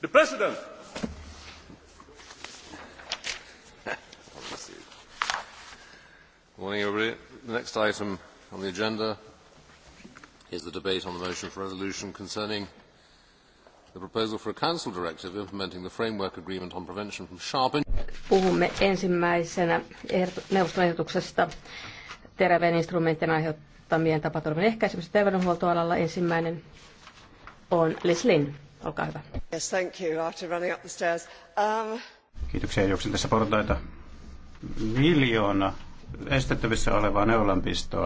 The President. Morning, everybody. The next item on the agenda is the debate on the motion for resolution concerning the proposal for a Council directive implementing the framework agreement on prevention from sharp Puhumme ensimmäisenä neuvoston ehdotuksesta terävien instrumenttien aiheuttamien tapaturmien ehkäisemisestä terveydenhuoltoalalla. Ensimmäinen on Liz Lynn. Olkaa hyvä. Yes, thank you. After running up the stairs. Um... Kiitoksia. Juoksin tässä portaita. Miljoona estettävissä olevaa neulanpistoa